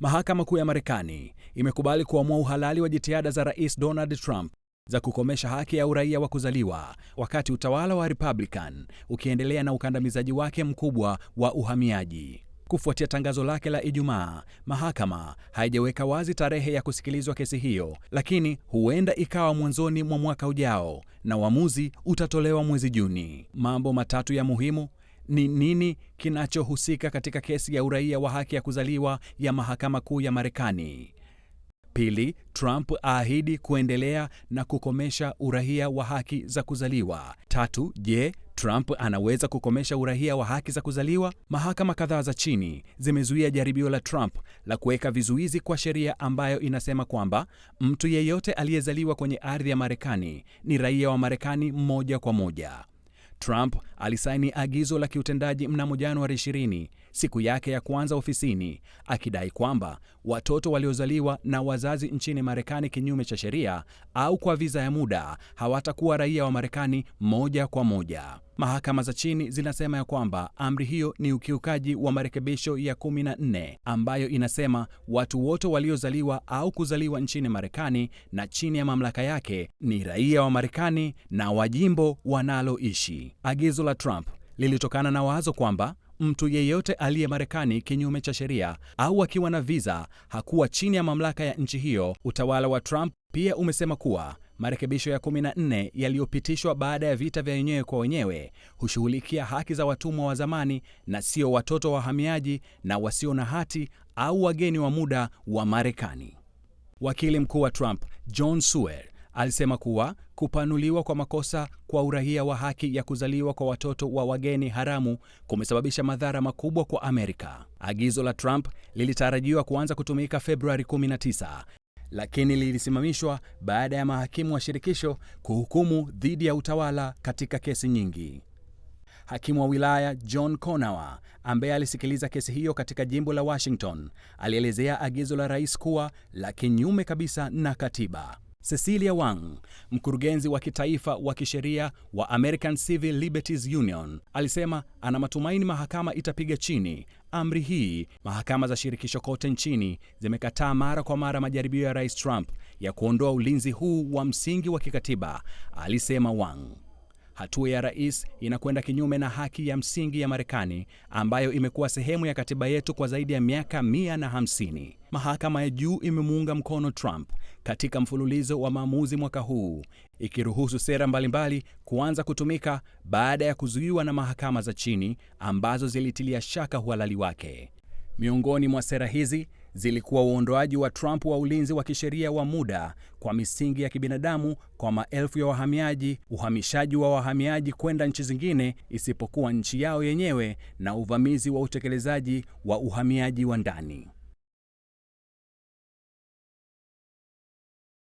Mahakama Kuu ya Marekani imekubali kuamua uhalali wa jitihada za Rais Donald Trump za kukomesha haki ya uraia wa kuzaliwa wakati utawala wa Republican ukiendelea na ukandamizaji wake mkubwa wa uhamiaji. Kufuatia tangazo lake la Ijumaa, mahakama haijaweka wazi tarehe ya kusikilizwa kesi hiyo, lakini huenda ikawa mwanzoni mwa mwaka ujao na uamuzi utatolewa mwezi Juni. Mambo matatu ya muhimu ni nini kinachohusika katika kesi ya uraia wa haki ya kuzaliwa ya mahakama kuu ya Marekani. Pili, Trump aahidi kuendelea na kukomesha uraia wa haki za kuzaliwa. Tatu, je, Trump anaweza kukomesha uraia wa haki za kuzaliwa? Mahakama kadhaa za chini zimezuia jaribio la Trump la kuweka vizuizi kwa sheria ambayo inasema kwamba mtu yeyote aliyezaliwa kwenye ardhi ya Marekani ni raia wa Marekani moja kwa moja. Trump alisaini agizo la kiutendaji mnamo Januari 20, siku yake ya kwanza ofisini, akidai kwamba watoto waliozaliwa na wazazi nchini Marekani kinyume cha sheria au kwa viza ya muda hawatakuwa raia wa Marekani moja kwa moja. Mahakama za chini zinasema ya kwamba amri hiyo ni ukiukaji wa marekebisho ya 14 ambayo inasema watu wote waliozaliwa au kuzaliwa nchini Marekani na chini ya mamlaka yake ni raia wa Marekani na wa jimbo wanaloishi. Agizo la Trump lilitokana na wazo kwamba mtu yeyote aliye Marekani kinyume cha sheria au akiwa na visa hakuwa chini ya mamlaka ya nchi hiyo. Utawala wa Trump pia umesema kuwa marekebisho ya 14 yaliyopitishwa baada ya vita vya wenyewe kwa wenyewe hushughulikia haki za watumwa wa zamani na sio watoto wa wahamiaji na wasio na hati au wageni wa muda wa Marekani. Wakili mkuu wa Trump John Suer Alisema kuwa kupanuliwa kwa makosa kwa uraia wa haki ya kuzaliwa kwa watoto wa wageni haramu kumesababisha madhara makubwa kwa Amerika. Agizo la Trump lilitarajiwa kuanza kutumika Februari 19 lakini lilisimamishwa baada ya mahakimu wa shirikisho kuhukumu dhidi ya utawala katika kesi nyingi. Hakimu wa wilaya John Conawa ambaye alisikiliza kesi hiyo katika jimbo la Washington alielezea agizo la rais kuwa la kinyume kabisa na katiba. Cecilia Wang, mkurugenzi wa kitaifa wa kisheria wa American Civil Liberties Union, alisema ana matumaini mahakama itapiga chini amri hii. Mahakama za shirikisho kote nchini zimekataa mara kwa mara majaribio ya Rais Trump ya kuondoa ulinzi huu wa msingi wa kikatiba, alisema Wang. Hatua ya rais inakwenda kinyume na haki ya msingi ya Marekani ambayo imekuwa sehemu ya katiba yetu kwa zaidi ya miaka mia na hamsini. Mahakama ya juu imemuunga mkono Trump katika mfululizo wa maamuzi mwaka huu, ikiruhusu sera mbalimbali kuanza kutumika baada ya kuzuiwa na mahakama za chini ambazo zilitilia shaka uhalali wake. Miongoni mwa sera hizi zilikuwa uondoaji wa Trump wa ulinzi wa kisheria wa muda kwa misingi ya kibinadamu kwa maelfu ya wahamiaji, uhamishaji wa wahamiaji kwenda nchi zingine isipokuwa nchi yao yenyewe, na uvamizi wa utekelezaji wa uhamiaji wa ndani.